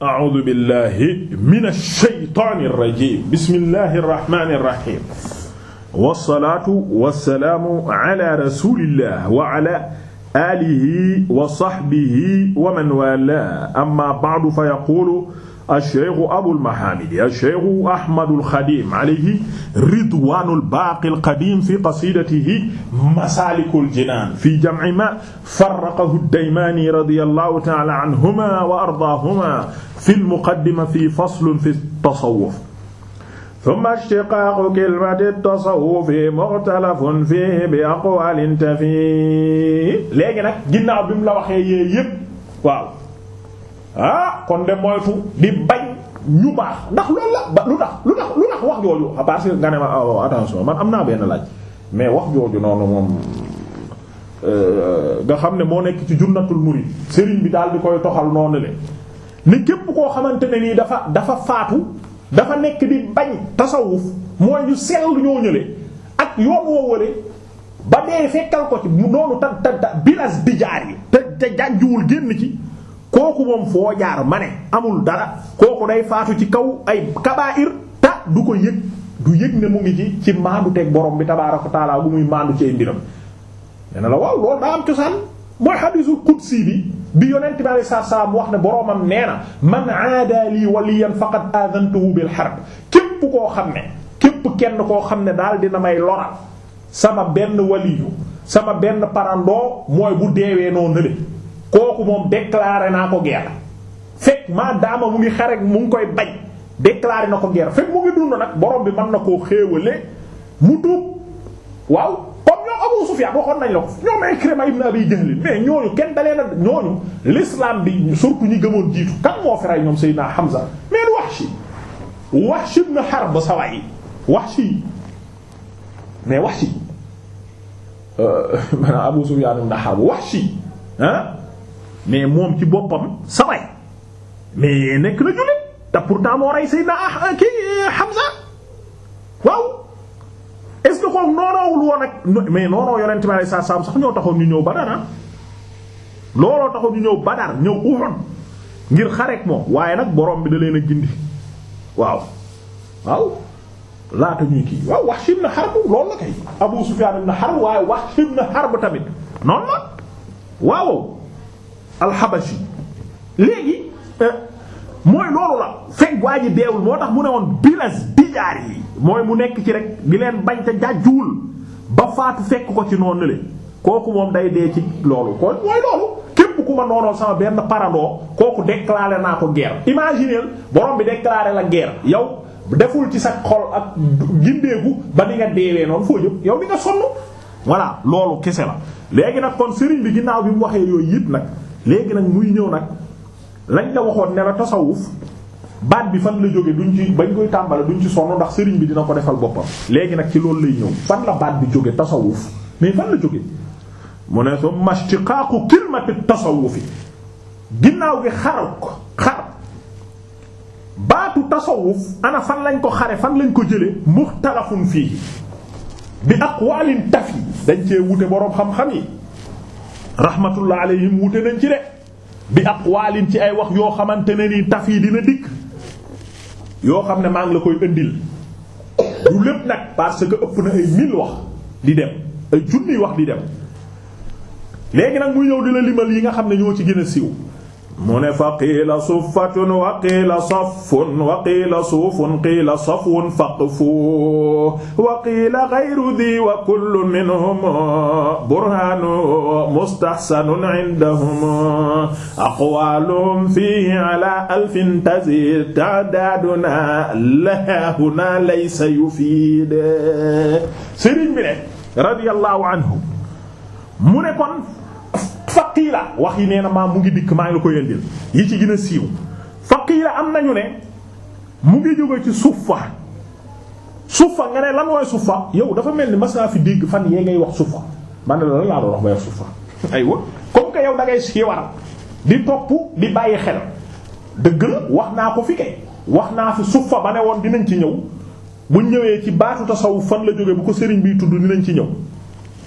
a'uudu billahi mina shaytaani rajiim bismillahi rahmaani rahiim wasalaatu wasalaamu ala rasulillah wa ala aalihi wa sahbihi wa man waalaahu amma ba'du fa yaquulu ash-shaykhu Abul Mahamidi ash-shaykhu Ahmadul Xadim alayhi ridwaanul baaqil qadiim fi qasiidatihi Masaalikul Jinaan fi jam'i maa farraqahu ad-Daymaani radiyallahu ta'aala anhumaa wa ardaahumaa fil muqaddima fi faslin fi tasawwuf ثم اشتقاق كلمة التصوف مختلف فيه بأقوال تفي léegi nag ginnaaw bi mu la waxee yéen yépp waaw kon de moytu di bañ ñu baax ndax loolu la lu tax lu tax wax jooju parce que nga ne ma oh, oh, attention man am naa benn laaj mais wax jooju noonu moom euh, nga xam ne moo nekk ci junnatul murid sëriñ bi daal di koy toxal noonu le ni képp koo xamante ne nii dafa dafa faatu dafa nekk di bañ tasawuf mooy ñu sell ñoo ñële ak yoon woo wële ba dee fekkal ko ci noonu ta ta bilas di jaar yi te te jànjuwul génn ci kooku moom foo jaar ma ne amul dara kooku day faatu ci kaw ay kabaa'ir ta du ko yëg du yëg ne mu ngi ci ci maandu teg borom bi tabaaraka taala bu muy maandu ci mbiram. nee la waaw loolu daa am cosaan mooy hadiisul qudsi bi bi yonent bi alayhi salaatu salaam wax ne boromam nee na man aada lii waliyan faqad aadantuhu bil képp koo xam ne képp kenn koo xam ne daal dina may loral sama benn waliyu sama benn parandoo mooy bu deewee noo la. kooku moom déclaré naa ko guerre fekk maa daama mu ngi xarek mu ngi koy bañ déclaré na ko guerre fekk mu ngi dund nag borom bi man na koo xéewale mu tuub waaw comme ñoom Abu Sufyan waxoon nañ la ko ñoom Ikrima kenn dalee bi surtout ñi gëmoon jiitu kan moo fi rey ñoom sa waay Wahshi mais Wahshi euh, maanaam Abu mais moom ci boppam samay mais nekk na jullit te pourtant moo rey Seydina ah, ah kii Hamza waaw est-ce que woon ak mais noonoo yonent ñëw Badar ah ñu ñëw Badar ñëw ngir xareek moom waaye nag boroom bi da leen a gindi waaw waaw laata ñuy kii waaw Wahsh ibn Harb loolu la kay Abu Sufyan ibn Harb waaye Wahsh ibn Harb tamit noonu la waaw alxabashi léegi euh, mooy loolu la fekk waa ji deewul moo tax mu ne woon bilas bijaar yi mooy mu nekk ci rek di leen bañ te jàjjwul ba faatu fekk ko ci noonu le kooku moom day dee ci loolu kon mooy loolu képp ku ma noonoon sama benn parandoo kooku déclaré naa ko geer imagineel borom bi déclaré la guerre yow deful ci sa xol ak gindeeku ba ni nga deewee noonu foo jëm yow bi nga sonn voilà loolu kese la léegi nag kon sëriñ bi ginnaaw bi mu waxee yooyu yëpp nag léegi nag muy ñëw nag lañ la waxoon ne la tasawuf baat bi fan la jóge duñ ci bañ koy tàmbale duñ ci sonn ndax sëriñ bi dina ko defal boppam léegi nag ci loolu lay ñëw fan la baat bi jóge tasawuf mais fan la jóge mu ne summa ishtiqaaqu kalimati tasawufi ginnaaw gi xar ko xar baatu tasawuf ana fan lañ ko xare fan lañ ko jële muxtalafun fii bi aqwalin tafi dañ cee wute boroom xam-xam yi rahmatullah alayhim wute nañ ci de bi aqwaalin ci ay wax yoo xamante ne nii taf yi dina dikk yoo xam ne maa ngi la koy indil du lépp nag parce que ëpp na ay mille wax di dem ay junniy wax di dem léegi nag muy yow di la limal yi nga xam ne ñoo ci gën a siw mu ne fa qiila suffatun wa qiila saffun wa qiila suufun qiila safwun faqfu wa qiila ghayru di wa kullu minhum burhanu mustahsanun indahum aqwaluhum fihi ala alfin tazid ta'daduna laha huna laysa yufid sëriñ bi ne radiyallahu anhu mu ne kon faqiila wax yi nee na maa mu ngi dikk maa ngi ko koy indil yi ci gin a siiw faqiila am nañu ne mu ngi jóge ci suffa suffa nga ne lan mooy suffa yow dafa mel ni mas fi dégg fan yee ngay wax suffa man la laa doon wax ba wax yow da ngay si waral di topp di bàyyi xel dëgg wax naa ko fi wax naa fi suffa ba ne woon dinañ ci ñëw bu ñëwee ci baatu tasawuf fan la jóge bu ko sëriñ bi tudd dinañ ci ñëw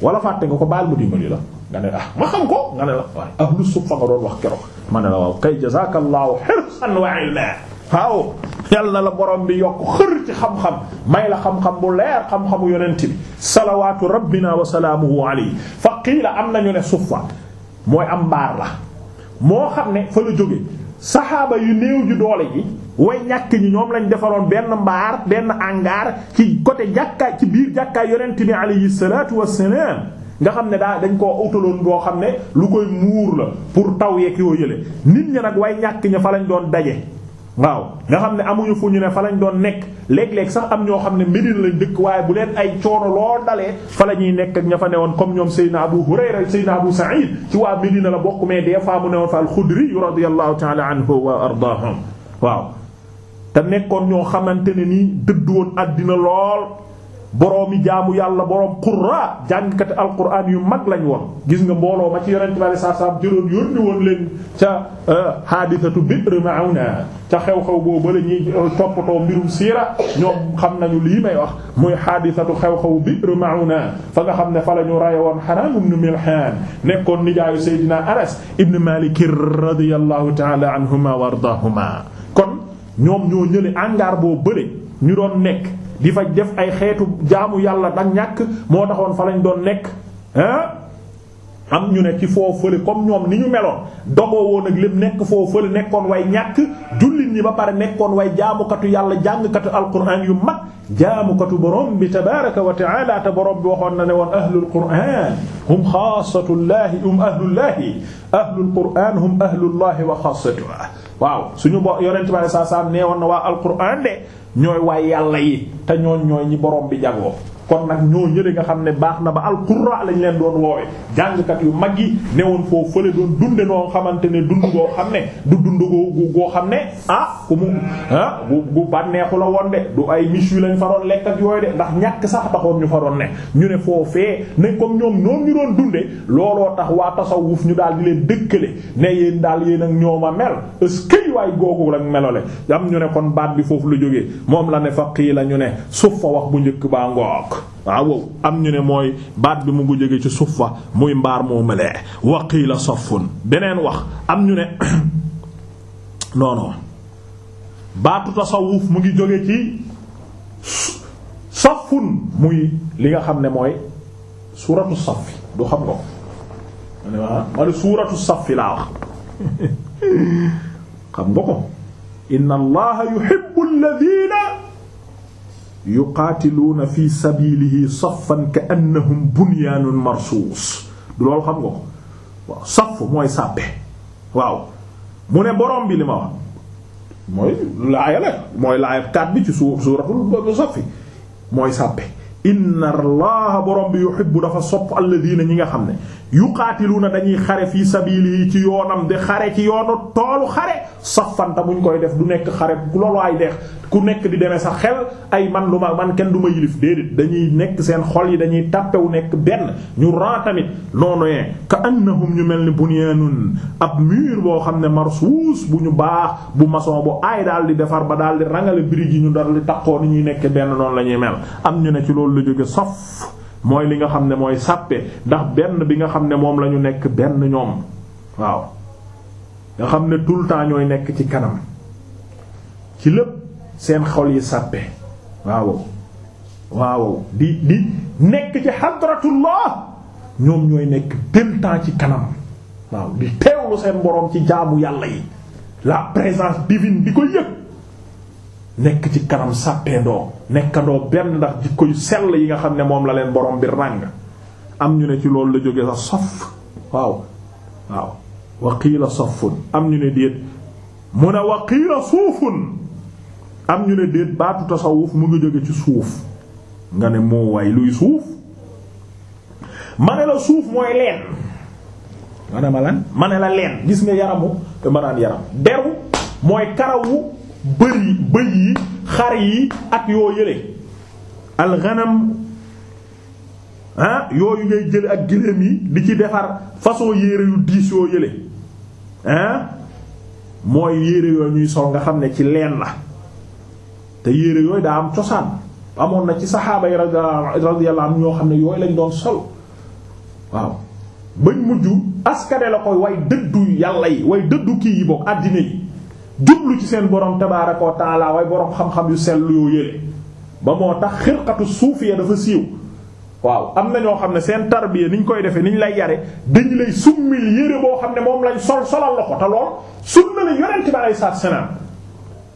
wala fàtte nga ko baal mu dimbali la nga ne ah ma xam ko nga ne la waaye ahlu sufa nga doon wax keroog ma ne la waaw kay jazaakallaahu xirsan wa ilma waaw yal na la borom bi yokk xër ci xam-xam may la xam-xam bu leer xam-xamu yonent bi salawaatu rabbina wa salaamuhu alayhi fa qiila am nañu ne sufa mooy am mbaar la moo xam ne fa la jóge saxaaba yu néew ju doole ji way ñàkk ñi ñoom lañ defaroon benn mbaar benn angaar ci côté jàkkaay ci biir jàkkaay yonent bi alayhi salaatu wassalaam nga xam ne daa dañ koo utaloon boo xam ne lu koy muur la pour taw yeeg yoo yële nit ñi nag way ñàkk ña fa lañ doon daje. waaw nga xam ne amuñu fu ñu ne fa lañ doon nekk léeg-léeg sax am ñoo xam ne Médine lañ dëkk waaye bu leen ay coono loo dalee fa la ñuy nekk ak ña fa woon comme ñoom Seydina Abu Hurayra Seydina Abu Sa'id ci waa Médine la bokk mais des fois mu newoon fa al-Khudri radiyallahu ta'ala anhu wa ardaahum waaw te nekkoon ñoo xamante ne nii dëdd woon àddina lool boroomi jaamu yàlla boroom qurra jàngkati alquran yu mag lañu woon gis nga mbooloo ma ci yonent bi sallallahu alayhi wasallam jëloon yónni woon leen ca hadithatu euh, Bi'r Ma'una ca xew-xew boobu la ñuy euh, toppatoo mbirum siira ñoom xam nañu lii may wax muy hadithatu xew-xew Bi'r Ma'una fa nga xam ne fa la ñu raye woon Haraam ibn Milhan nekkoon nijaayu Seydina Anas ibn Malik radiyallahu ta'ala anhuma wa ardaahuma kon ñoom ñoo ñële angaar boo bële ñu doon nekk bi fa def ay xeetu jaamu yàlla dak ñàkk moo taxoon fa lañu doon nekk ah am ñu ne ci foo fële comme ñoom ni ñu meloon dogoo woon ak lépp nekk foo fële nekkoon way ñàkk jullit ñi ba pare nekkoon way jaamukatu yàlla jàngkatu alquran yu mag jaamukatu borom bi tabaraka wa taala te borom bi waxoon na ne woon ahlul quran hum xaasatullahi hum ahlullahi ahlul quran hum ahlullahi wa xaasatuhu waaw suñu bo yonent bi sallallahu alayhi wasallam nee woon na waa alquran de ñooy waay yàlla yi te ñooñ ñooy ñi borom bi jagoo kon nag ñoo ñële nga xam ne baax na ba alqurra lañ leen doon woowe jàngkat yu mag yi newoon foo fële doon dunde noo xamante ne dund goo xam ne du dund goo goo xam ne ah ku bu ah, bu la woon de du ay miche yu lañ fa doon lekk ak yooyu de ndax ñàkk sax taxoon ñu fa doon ne ñu ne foofee ne comme ñoom ñoom ñu doon dunde looloo tax waa tasawuf ñu daal di leen dëkkale ne yéen daal yéen ak ñoom a mel est-ce que waay googu lañ melole am ñu ne kon baat bi foofu la jóge moom la ne fa la ñu ne suuf fa wax bu njëkk baa waaw am ñu ne mooy baat bi mu ngi jóge ci suffa muy mbaar moo melee waqiila safun beneen wax am ñu ne non non baatu tasawuf mu ngi jóge ci safun muy li nga xam ne mooy suuratu safi du xam nga ko ma suuratu safi laa wax xam nga ko inna allaha yuhibbu alladhina yuqaatiluuna fi sabilihi saffan ka annahum bunyaanun marsuus du loolu xam nga ko waaw saf mooy sàppe waaw mu ne borom bi li ma wax mooy laaya la mooy laaya kat bi ci suur suuratul safi mooy sàppe inna allaha borom bi yuhibbu dafa sopp alladina ñi nga xam ne na dañuy xare fii sabiili yi ci yoonam di xare ci yoonu toolu xare safanta buñ koy def du nekk xare ku ay deex ku nekk di demee sa xel ay man lu ma man kenn du ma yilif déedéet dañuy nekk seen xol yi dañuy tàppewu nekk benn ñu ran tamit noonuee ka annahum ñu mel ni bu yee bunyaanun ab mur boo xam ne marsuus bu ñu baax bu maçon bu aay daal di defar ba daal di rangale briques yi ñu dal di taqoo ni ñuy nekkee benn noonu la ñuy mel am ñu ne ci loolu la jóge saf mooy li nga xam ne mooy sàppe ndax benn bi nga xam ne moom lañu nekk benn ñoom waaw nga xam ne tout le temps ñooy nekk ci kanam ci lépp seen xol yi sàppe waaw waaw di di nekk ci hadratullah ñoom ñooy nekk tout temps ci kanam waaw di teewlu seen boroom ci jaabu yàlla yi la présence divine di ko yëg nekk ci kanam sàppeendoo nekkandoo benn ndax jikko yu sell yi nga xam ne moom la leen borom bi ràng am ñu ne ci loolu la jóge sax sof waaw waaw wa qiila am ñu ne déet mu ne wa qiila suufun am ñu ne déet baatu tasawuf mu ngi jóge ci suuf nga ne moo waay luy suuf ma ne la suuf mooy leen ma ne ma ne la leen gis nga yaramu te ma naan yaram deru mooy karawu bëy bëy yi xar yi ak yoo yële alxanam ah, yooyu ngay jël ak gëléem yi di ci defar façon yére yu diis yoo yële ah, mooy yére yooyu ñuy sol nga xam ne ci leen la te yére yooyu daa am cosaan amoon na ci saxaaba yi radiyallahu anhu ñoo xam ne yooyu lañ doon sol waaw bañ mujj askane la koy way dëddu yàlla yi way dëddu kii yi bokk àddina yi jublu ci seen borom tabaaraka wa taala waaye borom xam-xam yu sell yoo yële ba moo tax xirqatu suufiya dafa siiw waaw am na ñoo xam ne seen tarbiya niñ koy defee niñ lay yare dañ lay summil yére boo xam ne moom lañ sol solal la ko te lool sunna la yonent ba lay saat senaan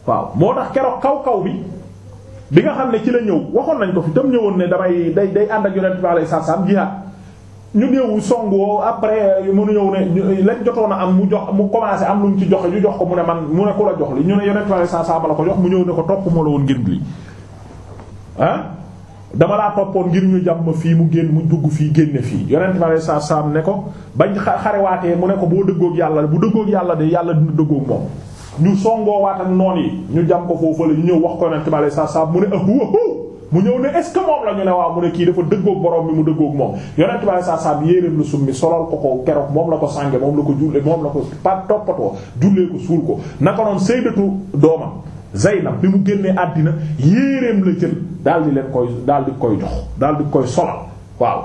waaw moo tax keroog kaw kaw bi bi nga xam ne ci la ñëw waxoon nañ ko fi tam ñëwoon ne damay day day ànd ak yonent bi alayhi salaam jihaad ñu néewu songoo après mu ñëw ne lañ jotoon a am mu jox mu commencé am lu mu ci joxe ñu jox ko mu ne man mu ne ku la jox li ñu ne yonent sallallahu alayhi wasallam ko jox mu ñëw ne ko topp ma la woon ngir li ah fii mu génn mu dugg fii génne fii yonent sallallahu alayhi wasallam ne ko bañ xarewaatee mu ne ko boo dëggoog yàlla bu dëggoog yàlla de yàlla du dëggoog moom ñu songoowaat ak noon yi ñu jàmm ko foofu la ñu ñëw wax ko yonent sallallahu alayhi wasallam mu ne ah mu ñëw ne est-ce que moom la ñu ne waaw mu ne kii dafa dëggoog borom bi mu dëggoog moom yonent bi saa saa bi yéeréem la summi solal ko ko keroog moom la ko sànge moom la ko julle moom la ko pa toppatoo jullee ko suul ko naka noonu sayyidatu doomam Zaynab bi mu génnee àddina yéeréem la jël daal di leen koy daal di koy jox daal di koy solal waaw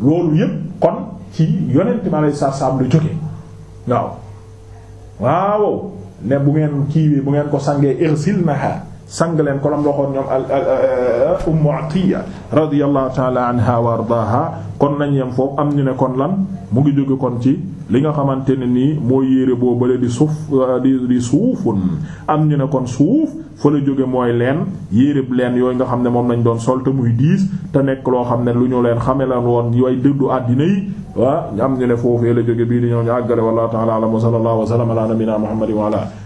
loolu yépp kon ci yonent bi saa saa la jógee waaw waaw ne bu ngeen kiiwee bu ngeen ko sàngee irsil naha sang leen ko lam waxoon ñoom ummu atiya radiyallahu taala anha wa ardaha kon nañ yem foofu am ñu ne kon lan mu ngi jóge kon ci li nga xamante ne nii mooy yére boo bale di suuf euh, di di suufun am ñu ne kon suuf fa la jóge mooy leen yéreb leen yooyu nga xam ne moom lañ doon sol te muy diis te nekk loo xam ne lu ñu leen xame lan woon yooy dëddu àddina yi wa am ñu ne foofee la jóge bii di ñoo ñu àggale wallahu taala alam wa sallallahu wa